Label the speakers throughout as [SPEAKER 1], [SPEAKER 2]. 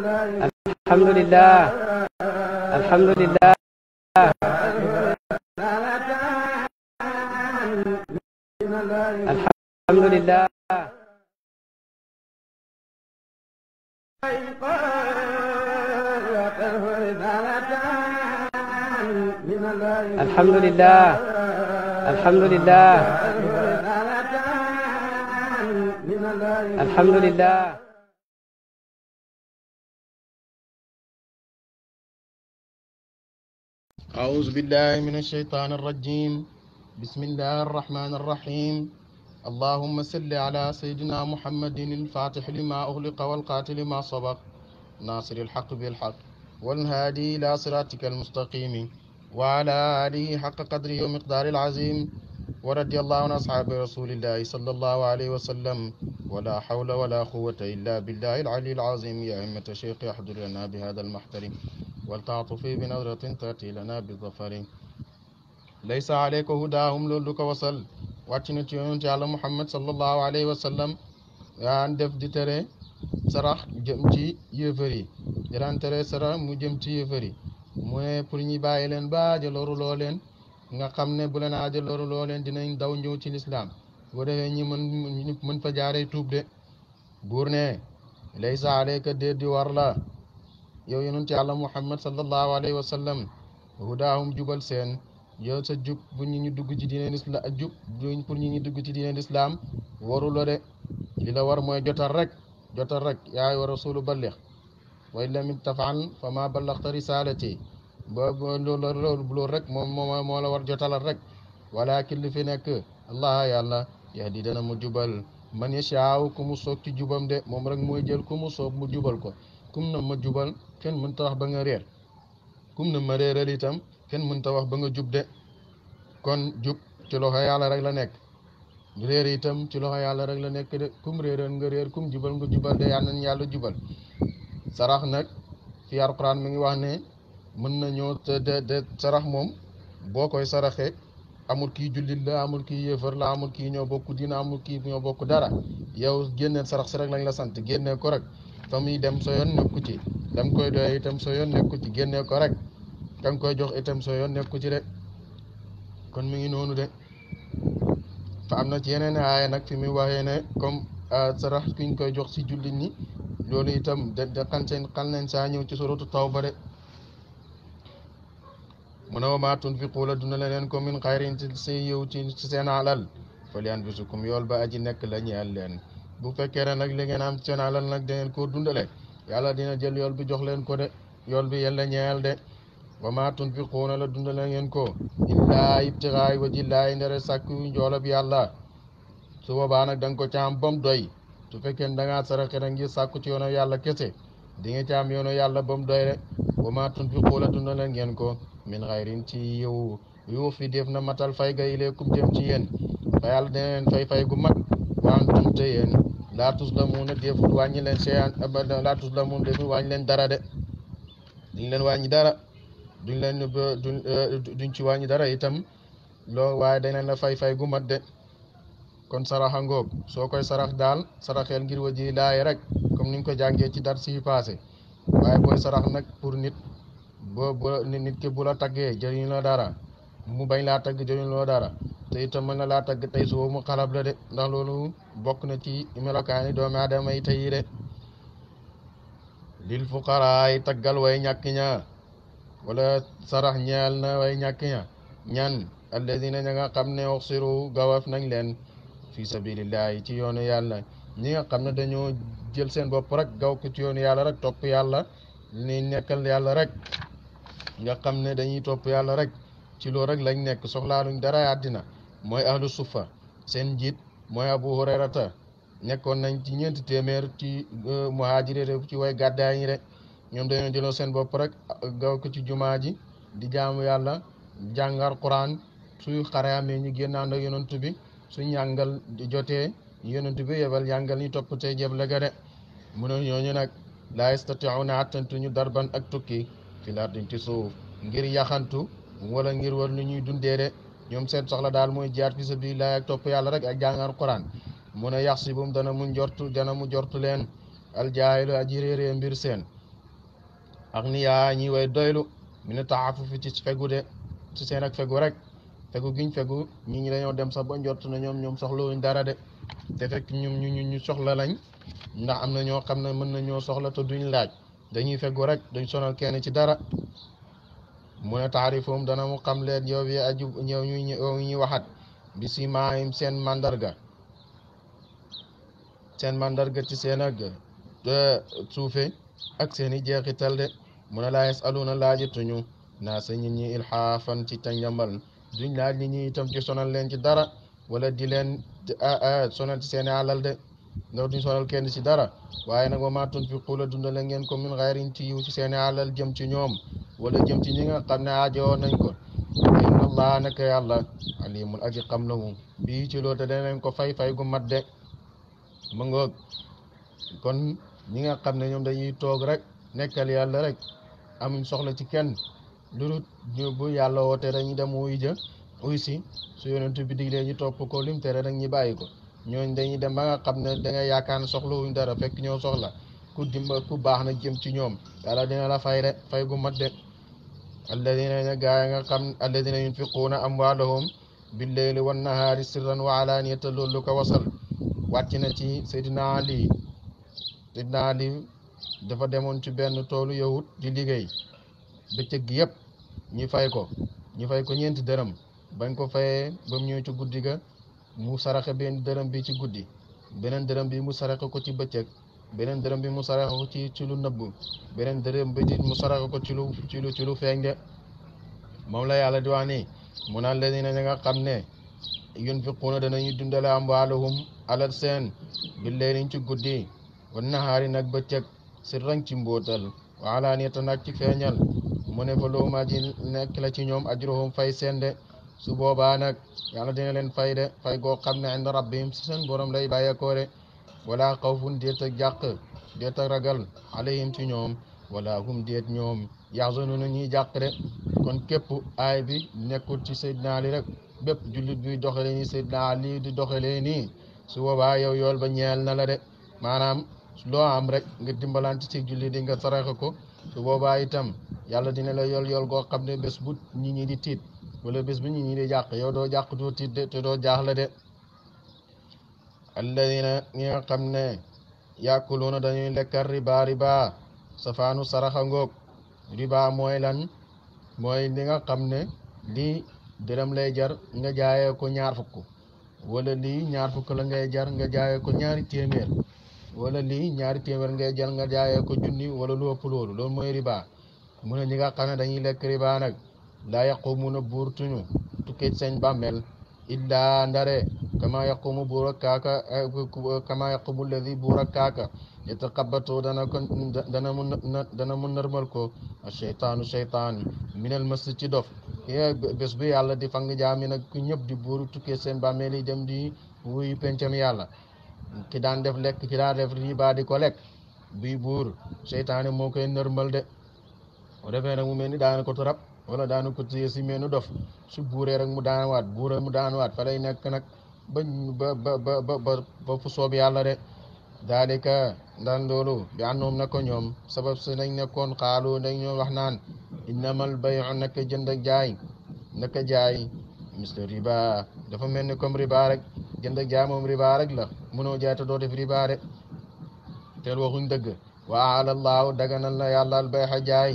[SPEAKER 1] alhamdulillah alhamdulillah alhamdulillah alhamdulillah alhamdulillah alhamdulillah أعوذ بالله من الشيطان الرجيم بسم الله الرحمن الرحيم اللهم صل على سيدنا محمد الفاتح لما أغلق والقاتل ما سبق ناصر الحق بالحق والهادي إلى صراطك المستقيم وعلى آله حق قدره ومقدار العظيم ورضي الله عن أصحاب رسول الله صلى الله عليه وسلم ولا حول ولا قوة إلا بالله العلي العظيم يا أمة الشيخ احضر لنا بهذا المحترم والتعطفي بنظرة تأتي لنا بالظفر ليس عليك هداهم لولك وصل wàcc na ci yonent yàlla muhammad sallallahu alayhi wa sallam daan def di tere sarax jëm ci yéefar yi di daan tere sarax mu jëm ci yéefar yi mu ne pour ñu bàyyi leen ba aja leen nga xam ne bu leen aja loru leen dinañ daw ñëw ci lislaam boo defee ñi mën mën fa jaaree tuub de buur ne laysa alayka di war la yow yonent yàlla muhammad sallallahu alayhi wa sallam hudaahum jubal seen yow sa jub bu ñu ñu dugg ci diine islam jub pour ñu ñu dugg ci diine islam waruloo de li la war mooy jotal rek jotal rek yaa wa rasulu ballix wa lam tafal fa ma ballaxta risalati ba loolu rek moom moo moo war jotalal rek walakin li fi nekk allah yàlla yahdi dana mu jubal man yashaaw ku mu soog ci jubam de moom rek mooy jël ku mu soog mu jubal ko kum na ma jubal kenn mënta wax ba nga réer kum na ma itam kenn mënta wax ba nga jub de kon jub ci loxo yàlla rek la nekk réer itam ci loxo yàlla rek la nekk de kum réeral nga réer kum jubal nga jubal de yàlla yàlla jubal sarax nag fi alquran mi ngi wax ne mën na te de sarax moom boo koy saraxee amul kii jullit la amul kii yéefar la amul ki ñoo bokk dina amul kii ñoo bokk dara yow génneel sarax si rek lañ la sant génneel ko rek fa muy dem sa yoon nekku ci da koy doy itam sa yoon nekku ci génne ko rek da koy jox itam sa yoon nekku ci de kon mi ngi noonu de fa am na ci yeneen aaye nag fi muy waxee ne comme ah, sarax ki koy jox si jullit ñi loolu itam da da xan seen xan leen saa ñëw ci suratu tawba de mu ne wa maa tunfiqu la duna leneen ko min xayrin si yiw ci seen alal fa li anfusikum yool ba aji nekk la ñeel leen bu fekkee ne nag li ngeen am seen nag dangeen koo dundale yàlla dina jël yool bi jox leen ko de yool bi yàlla ñeel de wa maa tunfiquuna la dundale ngeen ko
[SPEAKER 2] illaa ibtixaay
[SPEAKER 1] wa jillaay ndere sàkku njoolab yàlla su boobaa nag da ko caam bom doy su fekkee ne da ngaa saraxe nag sàkku ci yoonu yàlla kese di nga caam yoonu yàlla bom doy de wa maa tunfiqu la dundale ngeen ko min xayrin ci yow yow fi def na matal fay ga ileekum jëm ci yéen fay gu mag laa tuzlamuuna defut wàññi leen shay'an abadan eh, laa tuzlamuuna defut wàññi leen dara de duñ leen wañi dara duñ leen eh, duñ eh, duñ ci wàññi dara itam loolu waaye dañ leen fay fay gu mat de kon saraxa ngoog soo koy sarax daal saraxeel ngir waji laay rek comme niñ koy jàngee ci dar si passé waaye booy sarax nag pour nit boo nit ki bu la taggee dara mu bañ laa tagg jëriñ loo dara te itam mën na laa tagg tey suba mu la de ndax loolu bokk na ci melokaani doomi aadama yi tey de lil fuqaraay taggal way ñàkk ña wala sarax ñeel na way ñàkk ña ñan alladina ña nga xam ne uxsiru gawaf nañ leen fi sabilillahi ci yoonu yàlla ñi nga xam ne dañoo jël seen bopp rek gaw ci yoonu yàlla rek topp yàlla ni nekkal yàlla rek nga xam ne dañuy topp yàlla rek ci loolu rek lañ nekk soxlaaluñ dara àddina mooy ahlu suufa seen njiit mooy abu hurayrata nekkoon nañ ci ñeenti téeméer ci euh, muhaajiri rek ci way gàddaay ñi rek ñoom dañoo jëloo seen bopp rek gaw ko ci jumaa ji di jaamu yàlla jàngal quran suy xare amee ñu génn ànd ak yonent bi suñ yàngal jotee yonent bi yebal yàngal ñu toppatee jeble ga de mu ne ñooñu nag laa yastatiuna attantuñu darban ak tukki fi lardin ci suuf ngir yaxantu wala ngir war lu ñuy dundee de ñoom seen soxla daal mooy jihaad fi sabilillah ak topp yàlla rek ak jàngaan Quran moo ne yax si bum dana mu njortu dana mu jortu leen aljaahilu aji réeree mbir seen ak ni yaa ñi way doylu mu ne taxafu fi ci fegu de ci seen ak fegu rek fegu giñ fegu ñi ñi dañoo dem sax ba jortu na ñoom ñoom soxla soxlawuñ dara de te fekk ñum ñu ñu soxla lañ ndax am na ñoo xam ne mën na ñoo soxla te duñu laaj dañuy fegu rek duñ sonal kenn ci dara moo ne taarifum dana mu xam leen yow yi aju ñëw ñu waxat bi si maayim seen mandarga seen mandarga ci seen ak e, ak seeni jeexital de mu ne laa yasaluna laajituñu naa sa nit ñi ilxaafan ci tanjambal duñ tam nit ci sonal leen ci dara wala di leen sonal ci alal de dootuñ sonal kenn si dara waaye nag wa maa tunfiquuna dundale ngeen ko min xayrin ci yiw ci seeni alal jëm ci ñoom wala jëm ci ñi nga xam ne aajowoon nañ ko inna allaha naka yàlla alimul aji xam la mu bii ci loolu te danañ ko fay fay gu mat de mu ngoog kon ñi nga xam ne ñoom dañuy toog rek nekkal yàlla rek am soxla ci kenn lu dul ñu bu yàlla woote dañuy dem wuy jë uy si su yonentu bi diglee ñu topp ko lim tere rek ñu bàyyi ko ñooñ dañuy dem ba nga xam ne da nga yaakaar ne soxlawuñ dara fekk ñoo soxla ku dimba ku baax na jëm ci ñoom yàlla dina la fay de fay gu mat de alladina gaa yi nga xam alladina yunfiquuna amwaalahum billeyli wan nahaari sirran wa alaaniyata loolu lu ko wasal wàcc na ci Seydina Ali Seydina Ali dafa demoon ci benn toolu yahut di liggéey bëccëg gi yëpp ñi fay ko ñi fay ko ñeenti dërëm bañ ko fayee ba mu ñëw ci guddi ga mu saraxe benn dërëm bi ci guddi beneen dërëm bi mu saraxe ko ci bëccëg beneen dërëm bi mu saraxe ko ci ci lu nëbb beneen dërëm bi mu saraxe ko ci lu ci ci lu feeñ de moom la yàlla di wax nii mu naan la dina nga xam ne dana danañu dundale amwaalahum alal seen bi leeniñ ci guddi wa nahaari nag bëccëg sirran ci mbóotal wa alaaniyata nag ci feeñal mu ne fa loomaa ji nekk la ci ñoom ajruhum fay seen de su boobaa nag yàlla dina leen fay de fay goo xam ne inda rabbihim si seen borom lay bàyyeekoo de wala xawfun déet ak jàq déet ak ragal alayhim ci ñoom wala hum déet ñoom yaxzanuna ñuy jàq de kon képp aay bi nekkul ci Seydina Ali rek bépp jullit buy doxalee nii Seydina Ali di doxalee nii su boobaa yow yool ba ñeel na la de maanaam loo am rek nga dimbalante ci jullit di nga saraxe ko su boobaa itam yàlla dina la yool yool goo xam ne bés bu nit di tiit wala bés bi ñu ñi di jàq yow doo jàq doo tiit de te doo jaaxle de alladina ñi nga xam ne yàkuluuna dañuy lekk riba riba safaanu saraxa ngoog riba mooy lan mooy li nga xam ne lii dërëm lay jar nga jaayee ko ñaar fukk wala lii ñaar fukk la ngay jar nga jaayee ko ñaari téeméer wala lii ñaari téeméer ngay jar nga jaayee ko junni wala lu ëpp loolu loolu mooy riba mu ne ñi xam ne dañuy lekk riba nag laa yaqumuuna buurtuñu tukkee seen bàmmeel illaa ndare kama yaqumu buur ak kaaka kama yaqumu alladi buur ak kaaka yataqabbatoo dana ko dana mu dana mu nërmal ko cheytaanu cheytaan minal mas ci dof bés bu yàlla di fang jaami nag ku ñëpp di buuru tukkee seen bàmmeel yi dem di wuyu pencam yàlla ki daan def lekk ki daan def riba di ko lekk bii buur cheytaani moo koy nërmal de o defee mu mel ni daana ko torap wala daanu ko téye si meenu dof su buuree rek mu daanuwaat buuree mu daanuwaat fa lay nekk nag ba ba ba ba ba fu soob yàlla de daalika daan loolu bi àndoom na ko ñoom sabab si nañ nekkoon xaalu dañ ñoom wax naan innamal bayu naka jënd ak jaay naka jaay mister riba dafa mel ni comme riba rek jënd ak jaay moom riba rek la mënoo jaay te doo def riba de teel waxuñ dëgg wa alallaahu daganal na yàlla al bayxa jaay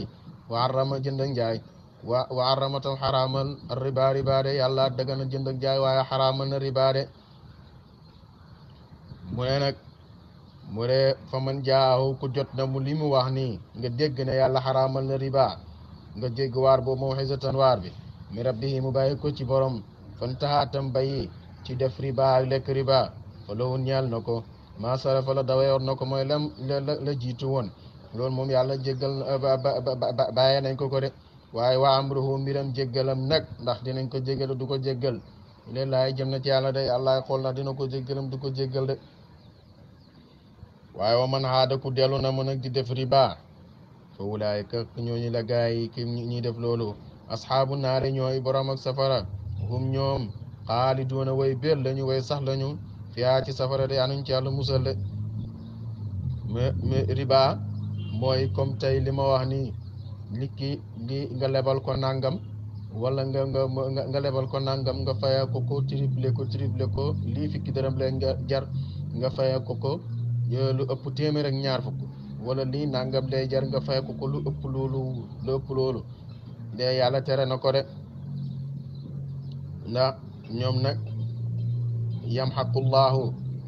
[SPEAKER 1] wa arama jënd ak jaay wa wa arramatam xaraamal riba riba de yàlla dagan na jënd ak jaay waaye xaraamal na riba de mu ne nag mu ne fa man jaahu ku jot na mu li mu wax nii nga dégg ne yàlla xaraamal na riba nga dégg waar boobu moo xisatan waar bi mi rabbihi mu bàyyi ko ci borom fan taxaatam bayi ci def riba ak lekk riba fa lowun ñeel na ko maa sarafa la dawayoon na ko mooy la la jiitu woon loolu moom yàlla jéggal bàyyee nañ ko ko de waaye waa amruhu mbiram jéggalam nag ndax dinañ ko jéggale du ko jéggal leen laay na ci yàlla day àllaay xool ndax dina ko jéggalam du ko jéggal de waaye wa man xaada ku dellu na mën nag di def riba fa wulaayka ñooñu la gaa yi ki ñuy def loolu asxaabu naare ñooy borom ak safara hum ñoom xaaliduuna way béel lañu way sax lañu fiyaa ci safara de anuñ ci yàlla musal de riba mooy comme tey li wax nii likki lii nga lebal ko nangam wala nga lebal ko nangam nga fayee ko ko triplé ko triplé ko lii fukki dërëm lay jar nga fayee ko ko lu ëpp téeméer ak ñaar fukk wala lii nangam lay jar nga fayee ko lu ëpp loolu lu ëpp loolu de yàlla tere na ko de ndax ñoom nag yamxaqullahu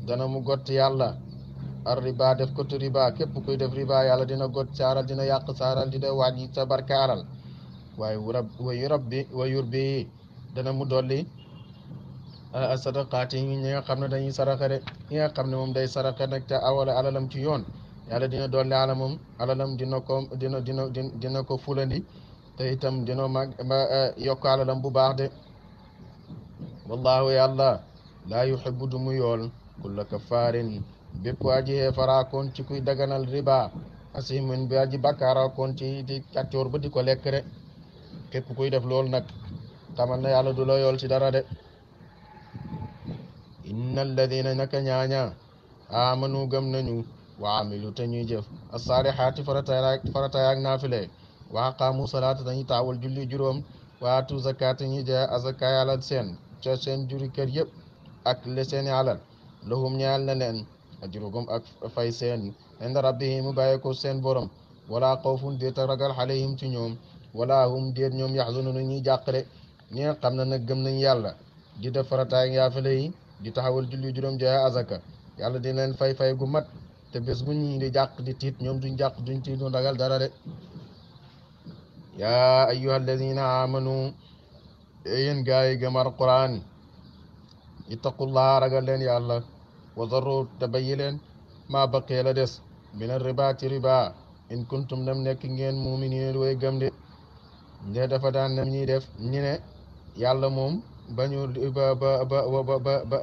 [SPEAKER 1] dana mu gott yàlla ar riba def ko tu riba képp kuy def riba yàlla dina got saaral dina yàq saaral dina wàññi sa barkaaral waaye wu rab wa yu rab bi wa yur bi dana mu dolli ah, sadaqaat yi ñi nga xam ne dañuy saraxa de ñi nga xam ne moom day saraxa nag te awala alalam ci yoon yàlla dina dolli ala moom alalam dina ko dina dina dina ko fulandi te itam dina mag eh, yokk alalam bu baax de wallahu yàlla laa yuhibbu du mu yool kulla kafaarin bépp aji xeefara kon ci kuy daganal riba asimin bi aji bakkaara kon ci di kàccoor ba di ko lekk de képp kuy def loolu nag tamal na yàlla du la yool ci dara de inna alladina naka ñaaña amanu gëm nañu wa amilu te ñuy jëf asaalixaati farataay ak naafile wa aqaamu salaata dañuy taawal julli juróom waatu zakaat ñuy jaay azakaay alal seen ca seen juri kër yëpp ak le seeni alal lahum ñaal na leen ajrugum ak fay seen inda rabbihim mu bàyyee ko seen borom wala xawfun déet ak ragal alayhim ci ñoom wala hum déet ñoom yaxzanuna ñuy jàqare ñi nga xam ne nag gëm nañ yàlla di def farataay yaafale yi di taxawal julli juróom joxe azaka yàlla di leen fay fay gu mat te bés bu ñu di jàq di tiit ñoom duñ jàq duñ tiit duñ ragal dara de yaa ayyuha alladina amanu yéen gaa yi gëm alquran ittaqullaha ragal leen yàlla wa darru te bayyi leen maa baqee la des mina riba ci riba in kuntum nam nekk ngeen muminin way gëm de nde dafa daan nam ñuy def ñi ne yàlla moom bañu riba ba ba ba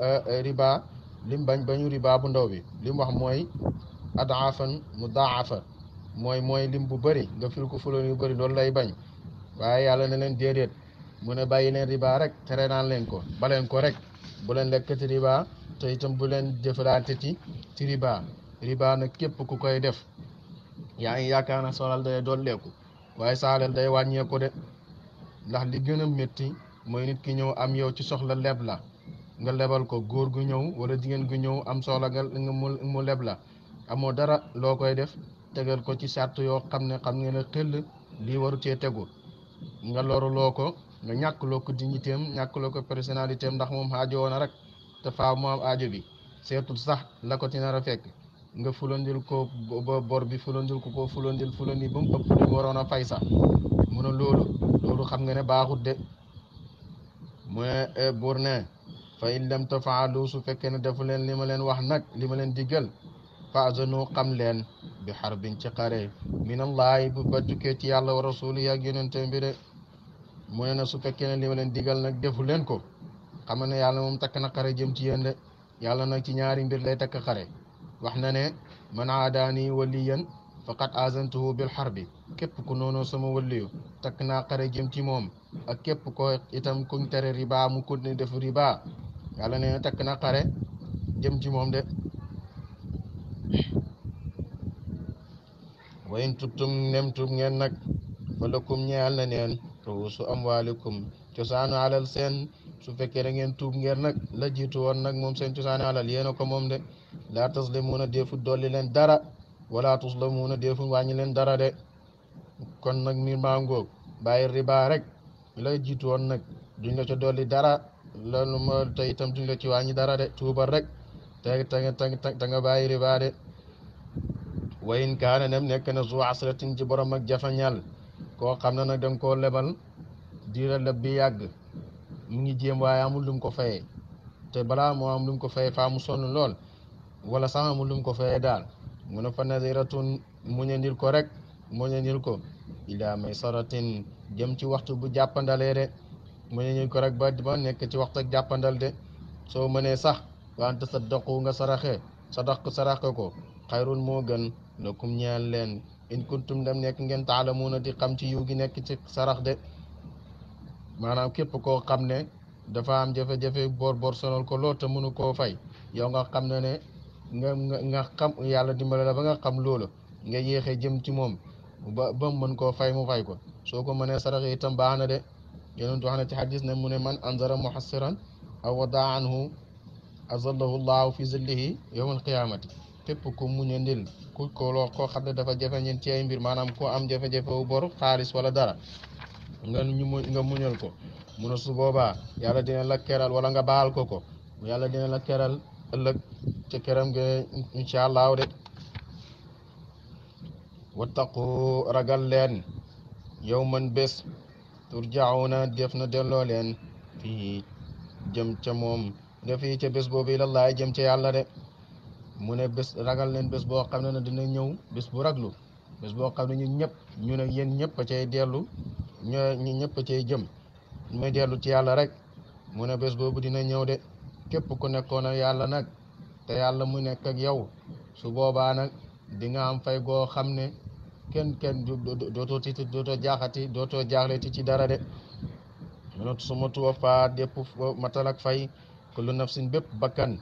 [SPEAKER 1] riba lim bañ bañu riba bu ndaw bi lim wax mooy adaafan mu daafa mooy mooy lim bu bëri nga fil ko fuloon yu bëri loolu lay bañ waaye yàlla na leen déedéet mu ne bàyyi leen riba rek tere naan leen ko baleen ko rek bu leen lekkati riba te itam bu leen jëfalante ci ci ribaa riba nag képp ku koy def yaa ngi yaakaar na solal day dolleeku waaye saalal day wàññeeku de ndax li gën metti mooy nit ki ñëw am yow ci soxla leb la nga lebal ko góor gu ñëw wala jigéen gu ñëw am soxla nga mu leb la amoo dara loo koy def tegal ko ci sart yoo xam ne xam ngeen ne xëll lii waru cee tegul nga loruloo ko nga ñàkkuloo ko ñàkk loo ko personnalitéem ndax moom xaajoo woon rek te faaw mu am aajo bi seetul sax la ko ci nar a fekk nga fulandil ko bor bi fulandil ko ko fulandil fulandi ba mu ëpp li mu waroon a fay sax mu ne loolu loolu xam nga ne baaxut de mu ne eh, buur ne fa in lam tafaalu su fekkee ne defu leen li ma leen wax nag li ma leen diggal faazanu xam leen bi xarbin ci xare min allahi bu ba tukkee ci yàlla wa rasuli ak yonente bi de mu ne na su fekkee ne li ma leen diggal nag defu leen ko xamal ne yàlla moom takk na xare jëm ci yéen de yàlla nag ci ñaari mbir lay takk xare wax na ne man aadaani waliyan faqad azantuhu bil harbi képp ku noonu sama waliyu takk naa xare jëm ci moom ak képp ko itam kuñ tere riba mu kunne def riba yàlla ne takk na xare jëm ci moom de wayn tubtum nem tub ngeen nag fa lakum ñeyal na neen ruusu amwaalikum cosaanu alal seen su fekkee da ngeen tuub ngeen nag la jiitu woon nag moom seen cosaani alal yéena ko moom de laa taslimuuna deefut dolli leen dara wala tuslamuuna deefut wàññi leen dara de kon nag mi maa ngoog bàyyi rek la jiitu woon nag duñ la ca dolli dara loolu tey itam duñ la ci wàññi dara de tuubal rek te te te te nga bàyyi riba de wa in kaana nem nekk na zu asratin ci borom ak jafañal koo xam ne nag danga koo lebal diira leb bi yàgg mu ngi jéem waaye amul lu mu ko fayee te balaa moo am lu ko fayee faa mu sonn lool wala sax amul lum ko fayee daal mu ne fa nadiratun muñandil ko rek muñandil ko ila maysaratin jëm ci waxtu bu jàppandalee de muñandil ko rek ba ba nekk ci waxtu ak jàppandal de soo mënee sax wante saddaqu nga saraxe sadaq saraxe ko xayrun moo gën lakum ñeel leen in kuntum dem nekk ngeen na di xam ci yiw gi nekk ci sarax de maanaam képp koo xam ne dafa am jafe-jafe bor bor ko lool te mënu koo fay yow nga xam ne ne nga nga xam yàlla dimbale la ba nga xam loola nga yéexe jëm ci moom ba ba mën koo fay mu fay ko soo ko mënee sarax itam baax na de yonentu wax na ci xadis ne mu ne man anzara muhassiran aw wadaa anhu azallahu llahu fi zillihi yowm alqiyamati képp ku muñe ndil ku ko loo koo xam ne dafa jafe ñeen ci mbir maanaam ku am jafe-jafe wu bor xaalis wala dara nga ñu nga muñal ko mu ne su boobaa yàlla dina la keral wala nga baal ko ko yàlla dina la keral ëllëg ca keram ge incha allahu de wattaqu ragal leen yow man bés turjauna def na delloo leen fii jëm ca moom nga fii ca bés boobu ilallaay jëm ca yàlla de mu ne bés ragal leen bés boo xam ne na dina ñëw bés bu raglu bés boo xam ne ñun ñu ne yéen ñëpp a cay dellu ñoo ñu ñëpp cey jëm mooy dellu ci yàlla rek mu ne bés boobu dina ñëw de képp ku nekkoon ak yàlla nag te yàlla mu nekk ak yow su boobaa nag di nga am fay goo xam ne kenn kenn dootoo ti dooto jaaxati dootoo jaaxleti ci dara de mënut suma tuwafa dépp matal ak fay kullu nafsin bépp bakkan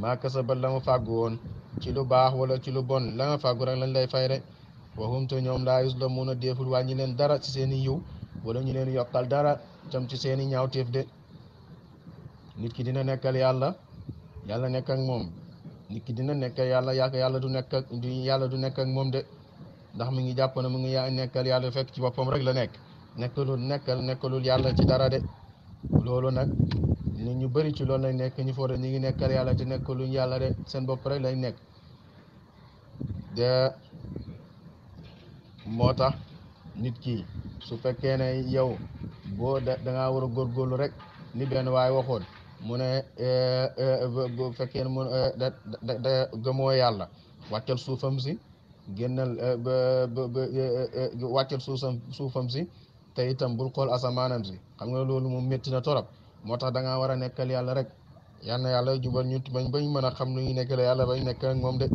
[SPEAKER 1] maa kasabat la mu fàggu woon ci lu baax wala ci lu bon la nga fàggu rek lañ lay fay rek waxumte ñoom laa yus la mun a déeful wàññi leen dara ci seen yiw wala ñu leen yokkal dara jëm ci seeni ñaaw ñaawteef de nit ki dina nekkal yàlla yàlla nekk ak moom nit ki dina nekk yàlla yàgg yàlla du nekk yàlla du nekk ak moom de ndax mi ngi jàpp ne mu ngi nekkal yàlla fekk ci boppam rek la nekk nekkalul nekkal nekkalul yàlla ci dara de loolu nag nit ñu bari ci loolu lañ nekk ñu foore ñu ngi nekkal yàlla te nekkaluñ yàlla seen bopp rek lañ nekk de moo tax nit ki su fekkee ne yow boo da ngaa war a góorgóorlu rek ni benn waaye waxoon mu ne eh, eh, bu fekkee ne mu eh, yàlla wàccal suufam si génnal wàccal suufam suufam si te itam bul xool asamaanam si xam nga loolu moom métti na torop moo tax da ngaa war a nekkal yàlla rek yal na yàlla jubal ñu bañ bañ mën a xam nu ñuy nekkal yàlla bañ nekk ak moom de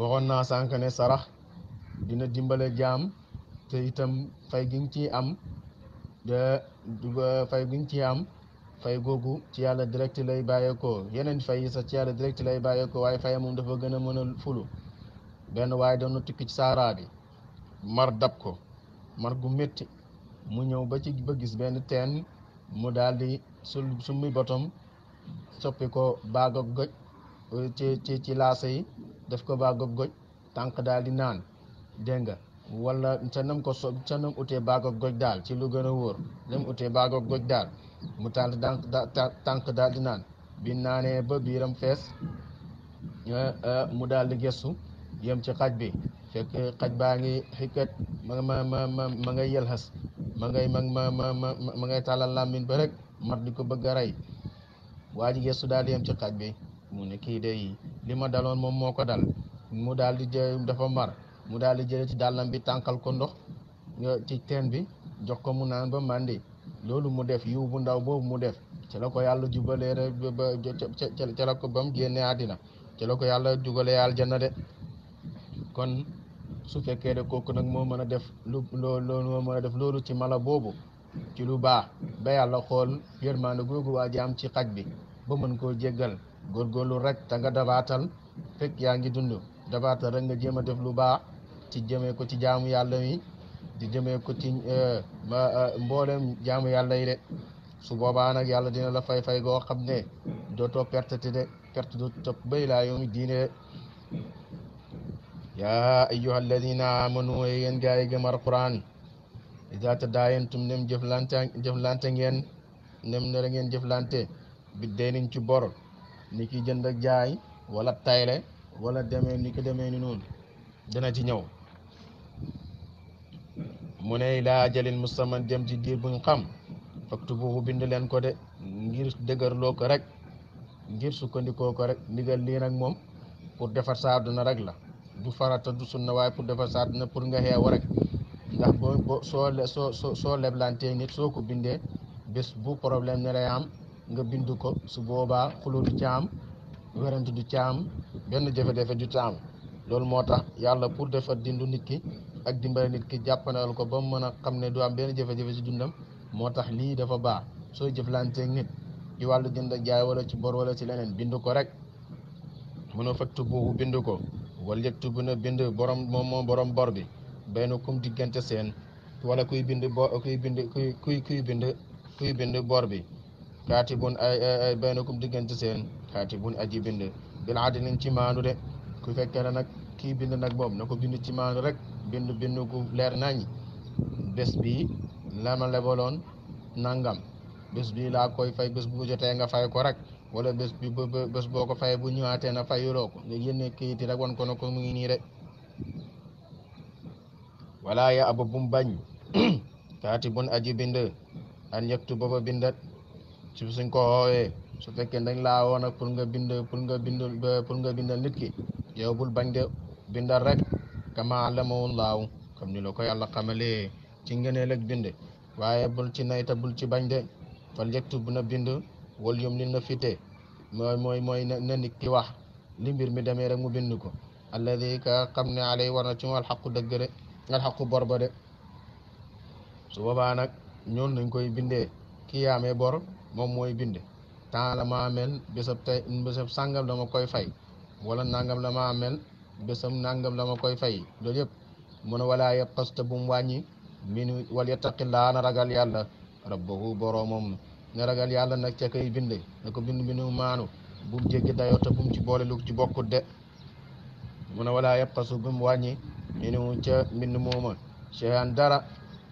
[SPEAKER 1] waxoon naa sànq ne sarax. dina dimbale jaam te itam fay gi nga ci am de fay gi nga ciy am fay googu ci yàlla direct lay bàyyeekoo yeneen fay yi sax ci yàlla direct lay bàyyeekoo waaye fay moom dafa gën a mën a fulu benn waaye doon na ci saaraa bi mar dab ko mar gu metti mu ñëw ba ci ba gis benn teen mu daal di sul summi botom soppi ko baag ak goj ci ci ci laasa yi def ko baag ak goj tànk daal di naan dégg nga wala ca nam ko so ca nam utee baag goj daal ci lu gën a wóor nam utee baag ak goj daal mu tànk dànk tànk daal di naan bi naanee ba biiram fees eh, eh, mu daldi di gëstu yem ci xaj bi fekk eh, baa ngi xikkat ma ma ma ngay yelxas ma ngay tàllal làmmiñ ba rek mat ko bëgg a waa ji gëstu daal di yem bi mu ne kii de yi li ma daloon moom moo ko dal mu daal di jëy dafa mar mu daal di jële ci dàllam bi tànkal ko ndox ci teen bi jox ko mu naan ba màndi loolu mu def yiw bu ndaw boobu mu def ca la ko yàlla jubalee rek ba ca ko ba mu àddina ci la ko yàlla jugalee aljanna de kon su fekkee de kooku nag moo mën a def lu loolu mën a def loolu ci mala boobu ci lu baax ba yàlla xool yërmaande googu waa ji am ci xaj bi ba mën koo jéggal góorgóorlu rek te nga dabaatal fekk yaa ngi dund dabaatal rek nga jéem a def lu baax ci jëmee ko ci jaamu yàlla yi di jëmee ko ci eh, eh, mboolem jaamu yàlla yi de su boobaa nag yàlla dina la fay fay goo xam ne dootoo perte te de perte du topp bay laa yomi diine de yaa ayyuha alladina amanu yéen gaa yi gëm alquran ida tadaayantum nem jëflante jëflante ngeen nem nara ngeen jëflante bi ci bor ni ki jënd jaay wala tayle wala deme ni ko demee ni noonu dana ci ñëw mu ne ilaa ajalin musamman jëm ci diir buñ xam faktubuhu bind leen ko de ngir dëgërloo ko rek ngir sukkandikoo ko rek ndigal lii nag moom pour defar sa àdduna rek la du farata du sunna waaye pour defar sa àdduna pour nga xeew rek ndax boo boo soo soo soo leblantee nit soo ko bindee bés bu problème ne lay am nga bind ko su boobaa xuloo du caam werante du caam benn jafe-jafe du caam loolu moo tax yàlla pour defar dindu nit ki ak dimbale nit ki jàppandal ko ba mu mën a xam ne du am benn jafe-jafe ci dundam moo tax lii dafa baax soo jëflanteeg nit ci wàllu jënd ak jaay wala ci boor wala ci leneen bind ko rek mënoo fekk buubu bind ko wala yëgtu bu na bind borom moom moom borom bor bi benn kum diggante seen wala kuy bind bo kuy bind kuy kuy kuy bind kuy bor bi xaati bun ay ay benn kum diggante seen xaati bun aji bind bilaa dinañ ci maandu de ku fekkee ne nag kii bind nag moom na ko bind ci maandu rek. bind bind gu leer naññi bés bi a ma lebaloon nangam bés bi laa koy fay bés bu jotee nga fay ko rek wala bés bi bés boo ko fayee bu ñëwaatee na fayuloo ko nga yénne kayiti rek wan ko ne ko mu ngi nii rek wala ya aba bum bañ kaati bun aji bind an yëgtu booba bindat su suñ ko xooyee su fekkee dañ laa woon pour nga bind pour nga bind pour nga bindal nit ki yow bul bañ de bindal rek kama allamahu laaw comme ni la ko yàlla xamalee ci ngëneel ak bind waaye bul ci nayta bul ci bañ de fal yaktub na bind wal yumlil na fite mooy mooy mooy na nit ki wax li mbir mi demee rek mu bind ko alladi ka xam ne alay war na ci mu alxaqu dëgg de alxaqu bor ba de su boobaa nag ñoon nañ koy bindee kii yaamee bor moom mooy bind temps la ma amel bésab tey koy fay wala nangam la ma bésam nangam la ma koy fay loolu yëpp mu ne walaa yaqasta bu mu wàññi min wal yattaqillaa na ragal yàlla rabbahu boroomam ne ragal yàlla nag ca koy bind na ko bind bindu maanu bu mu jéggi dayoo te bu mu ci boole lu ci bokkut de mu ne walaa yaqasu bu mu wàññi minu ca mbind mooma cheyan dara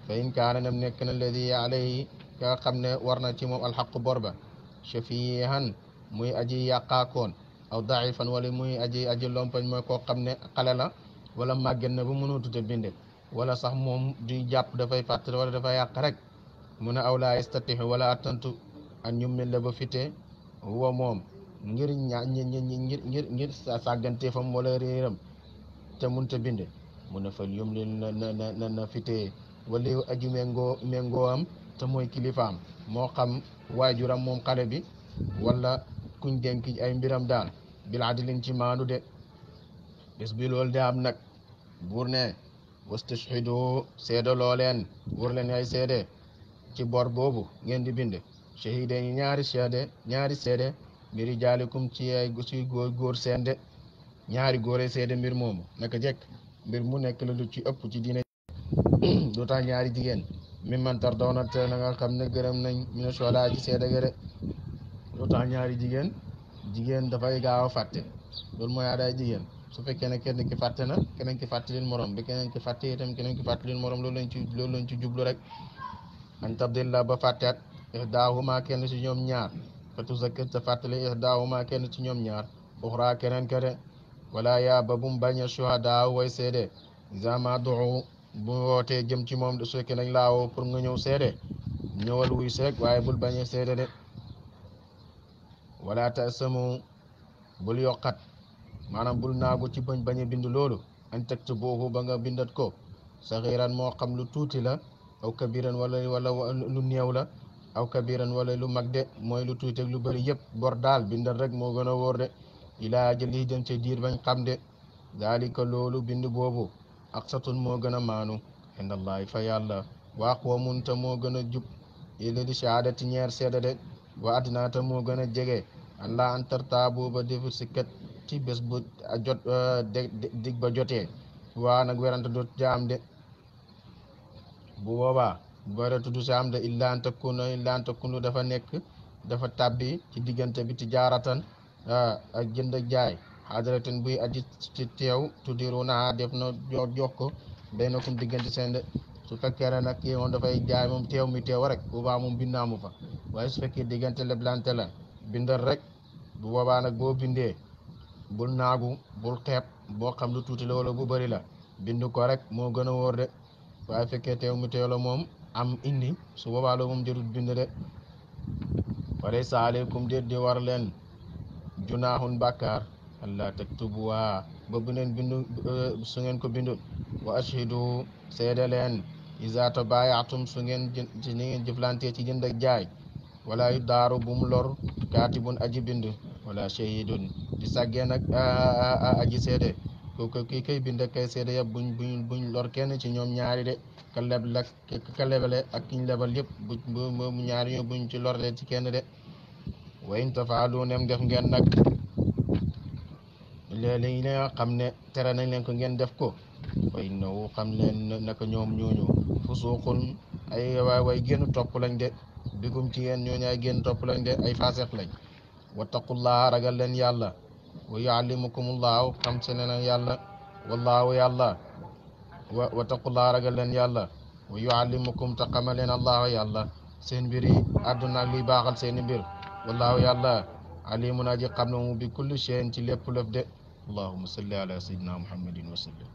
[SPEAKER 1] fa in kaana nam nekk na ladi alayhi ka xam ne war na ci moom alxaqu bor ba shafihan muy aji yàqaakoon aw daifan wala muy aji aji lompañ mooy koo xam ne xale la wala màgget na ba mënatute binde wala sax moom du jàpp dafay fàttali wala dafay yàq rek mu ne aw laa yastatixu wala attantu ak ñu la ba fitee wa moom ngir ngir ngir ngir sàggantee fam wala réeram te mënta binde mu ne fal yum li na na te mooy kilifaam moo xam waajuram moom xale bi wala kuñ denk ay mbiram daal bil adlin ci maandu de bés bi loolu de am nag buur ne wastashhidu seede looleen wër leen ay seede ci bor boobu ngeen di bind shahide yi ñaari seede ñaari seede mbiri jaalikum ci ay suy góor góor seen de ñaari góore seede mbir moomu naka jëkk mbir mu nekk la lu ci ëpp ci diine du tax ñaari jigéen mi man tar doonat na xam ne gërëm nañ mina sola ci seede gëre lu tax ñaari jigéen jigéen dafay gaaw a fàtte loolu mooy aadaay jigéen su fekkee ne kenn ki fàtte na keneen ki fàttalin morom bi keneen ki fàtte itam keneen ki fàttalin morom loolu lañ ci loolu lañ ci jublu rek an tabdilla ba fàtteat ihdaahuma kenn ci ñoom ñaar fa tuzakkir te fàttali kenn ci ñoom ñaar uxraa keneen ke de wala yaa ba bum bañ a shuhadaa way seede zama duu bu wootee jëm ci moom de su fekkee nañ laawoo pour nga ñëw seede ñëwal wuy seeg waaye bul bañ a de wala tasamu bul yokkat maanaam bul naagu ci bañ bañ bind loolu an takt boobu ba nga bindat ko saxiran moo xam lu tuuti la aw kabiran wala wala lu néew la aw kabiran wala lu mag de mooy lu tuuti lu bëri yëpp bor daal bindal rek moo gën a wóor de ilaa jëli dem ca diir bañ xam de daalika loolu bind boobu aqsatun moo gën a maanu indallahi fa yàlla waa qoomunta moo gën a jub ila li shahaadati ñeer seeda de waa atinaa te moo gën a jege allah an tartaabu ba defu si kat ci bés bu jot euh, dig ba jotee waa nag werante dootu ca de bu boobaa werante du ca am de illa an takunu dafa nekk dafa tàbbi ci diggante bi tijaaratan euh, ak jënd ak jaay xaadaratin buy aji ci teew tuddiru naa def na jox ko benn kum diggante seen de su fekkee ne nag kii dafay jaay moom teew mi teew rek bu baax moom fa waaye su fekkee diggante leblante la bindal rek bu boobaa nag boo bindee bul naagu bul xeeb boo xam lu tuuti la wala bu bëri la bind ko rek moo gën a wóor de waaye fekkee teew mi teew la moom am indi su boobaa loolu moom jarut bind de wala sa aleykum déet di war leen junaaxun bàkkaar allah taktubuwaa ba bu neen bindu su ko bindu wa ashhidu seede leen isaato isa tabayaatum su ngeen ci ni ngeen jëflantee ci jënd ak jaay wala yu daaru bum mu lor kaatibun aji bind wala shahidun di sàggeen ak aji seede kooku kii kay bind ak kay seede yëpp buñ buñ buñ kenn ci ñoom ñaari de ka leb la ka ak kiñ lebal yëpp bu ñaari ñoo buñ ci lor de ci kenn de wayn nem def ngeen nag le léeg li xam ne tere nañ leen ko ngeen def ko fa innahu xam leen naka ñoom ñooñu fusuuqun ay waay waay génn topp lañ de bikum ci yéen ñooñu ay génn topp lañ de ay faasex lañ wattaqullaha ragal leen yàlla wa yuallimukumullaahu xam se ne na yàlla wallaahu yàlla wa wattaqullaha ragal leen yàlla wa yuallimukum te xama leen allaahu yàlla seen mbir yi àdduna ak liy baaxal seen i mbir wallaahu yàlla alimun aji xam na mu bi kulli shay'in ci lépp lëf de allahumma salli ala sayyidina muhammadin wa sallim